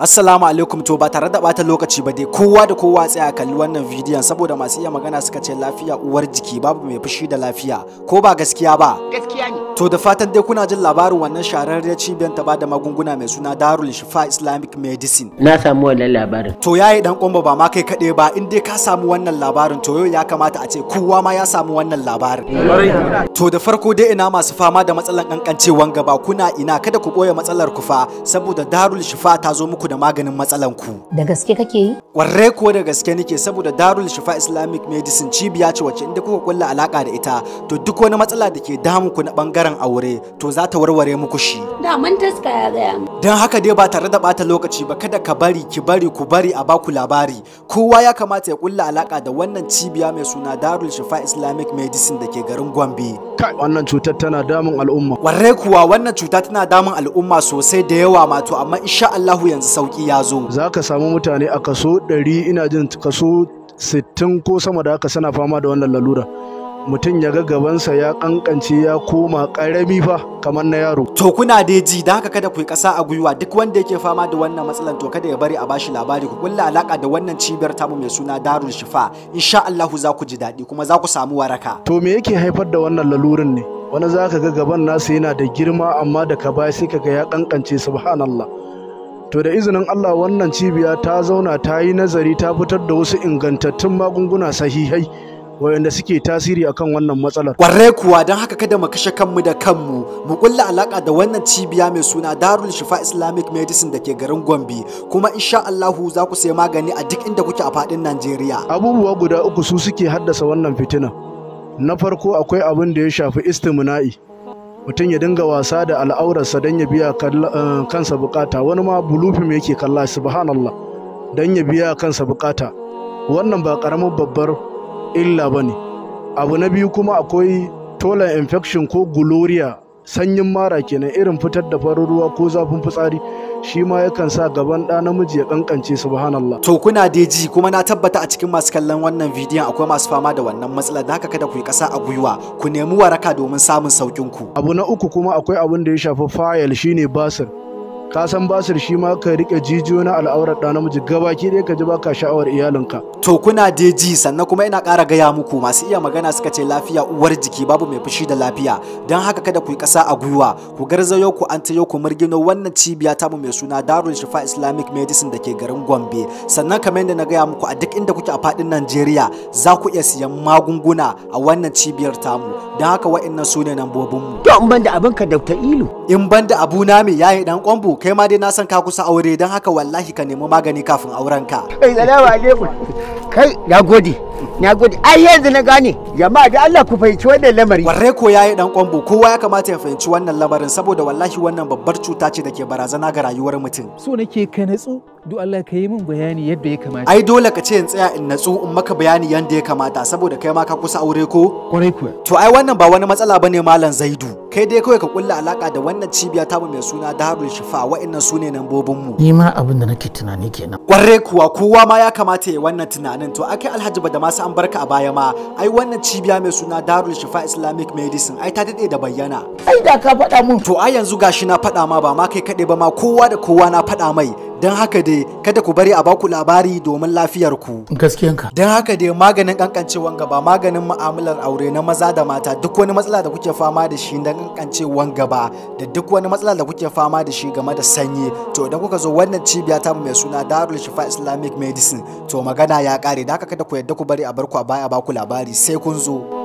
Assalamu alaikum to ba tare da bata lokaci ba dai kowa da kowa tsaya kalli wannan bidiyon saboda masu iya magana suka ce lafiya uwar jiki babu mai fushi da lafiya ko ba gaskiya ba gaskiya ne to da fatan dai kuna jin labarin wannan shahararriyar cibiyar ta bada magunguna mai suna darul shifa islamic medicine na samu wannan labarin to yayi dan komba ba ma kai kaɗe ba in dai ka samu wannan labarin to ya kamata a ce kowa ma ya samu wannan labarin to da farko dai ina masu fama da matsalan kankancewan gaba kuna ina kada ku ɓoye matsalar ku fa saboda darul shifa ta zo muku da maganin matsalan ku da gaske kake yi warre ko da gaske nake saboda darul shifa islamic medicine cibiya ce wacce inda kuka kulla alaka da ita to duk wani matsala da ke damu ku na bangaren wannan aure to za ta warware muku shi. Da mun taska ya gaya mu. Don haka dai ba tare da bata lokaci ba kada ka bari ki bari ku bari a baku labari. Kowa ya kamata ya kulla alaka da wannan cibiya mai suna Darul Shifa Islamic Medicine da ke garin Gombe. wannan cutar tana damun al'umma. Warre kuwa wannan cuta tana damun al'umma sosai da yawa ma to amma insha Allahu yanzu sauki ya zo. Za ka samu mutane a kaso ɗari ina jin kaso sittin ko sama da haka suna fama da wannan lalura. mutum ya ga gabansa ya kankance ya koma karami fa kamar na yaro to kuna da ji da haka kada ku yi kasa a gwiwa duk wanda yake fama da wannan matsalan to kada ya bari a bashi labari ku kulla alaka da wannan cibiyar tamu mai suna Darul Shifa insha Allah za ku ji daɗi kuma za ku samu waraka to me yake haifar da wannan lalurin ne wani za ka ga gaban nasa yana da girma amma da ka baya sai ka ga ya kankance subhanallah to da izinin Allah wannan cibiya ta zauna ta yi nazari ta fitar da wasu ingantattun magunguna sahihai wayanda suke tasiri akan wannan matsalar. Kwarai kuwa don haka kada mu kashe kanmu da kanmu mu kulla alaka da wannan cibiya mai suna Darul Shifa Islamic Medicine da ke garin Gombe kuma insha Allahu za ku sai magani a duk inda kuke a faɗin Najeriya. Abubuwa guda uku su suke haddasa wannan fitina. Na farko akwai abin da ya shafi istimna'i. mutum ya dinga wasa da al'aurarsa don ya biya eh, kansa bukata wani ma bulufin yake kalla subhanallah don ya biya kansa bukata wannan ba karamin babbar illa ba ne abu na biyu kuma akwai Tola infection ko gloria sanyin mara kenan irin fitar da farin ruwa ko zafin fitsari shi ma yakan sa gaban ɗa namiji ya kankance subhanallah to kuna dai ji kuma na tabbata a cikin masu kallon wannan bidiyon akwai masu fama da wannan matsalar da haka kada ku yi ƙasa a gwiwa ku nemi waraka domin samun saukin ku abu na uku kuma akwai abin da ya shafi fayil shine basir ka san basir shi ma ka rike jijiyo na al'aurar da namiji gabaki dai ka ji baka sha'awar iyalinka to kuna dai sannan kuma ina ƙara gaya muku masu iya magana suka ce lafiya uwar jiki babu mai fushi da lafiya don haka kada ku yi kasa a gwiwa ku garzayo ku an tayo ku murgino wannan cibiya tamu mai suna Darul Shifa Islamic Medicine da ke garin Gombe sannan kamar yadda na gaya muku a duk inda kuke a faɗin Najeriya za ku iya siyan magunguna a wannan cibiyar tamu don haka wa'annan su ne mu. to in banda abinka Dr. Ilu in banda abuna mai yayi dan kwambo kai ma dai na san ka kusa aure don haka wallahi ka nemi magani kafin aurenka. ka alaikum. Kai, ya gode. na gode ai yanzu na gane jama'a da Allah ku fahimci wannan lamari warre ko yayi dan kwambo kowa ya kamata ya fahimci wannan lamarin saboda wallahi wannan babbar cuta ce da ke barazana ga rayuwar mutum so nake ka natsu do Allah ka yi min bayani yadda ya kamata ai dole ka ce in tsaya in natsu in maka bayani yadda ya kamata saboda kai ma ka kusa aure ko kwarai kuwa to ai wannan ba wani matsala bane malam Zaidu kai dai kawai ka kulla alaka da wannan cibiya tamu mai suna Darul Shifa wa'annan sune nan bobin mu ni ma abin da nake tunani kenan kwarai kuwa kowa ma ya kamata ya wannan tunanin to akai Alhaji Badama masu an barka a baya ma ai wannan cibiya mai suna Darul Shifa Islamic Medicine ai ta dade da bayyana ai da ka faɗa mun to ai yanzu gashi na faɗa ma ba ma kai kaɗai ba ma kowa da kowa na faɗa mai don haka dai kada ku bari a baku labari domin lafiyar ku gaskiyanka don haka dai maganin kankancewan gaba maganin mu'amalar aure na maza da mata duk wani matsala da kuke fama da shi na kankancewan gaba da duk wani matsala da kuke fama da shi game da sanyi to idan kuka zo wannan cibiya ta mai suna Darul Shifa Islamic Medicine to magana ya kare da haka kada ku yadda ku bari a barku a baya baku labari sai kun zo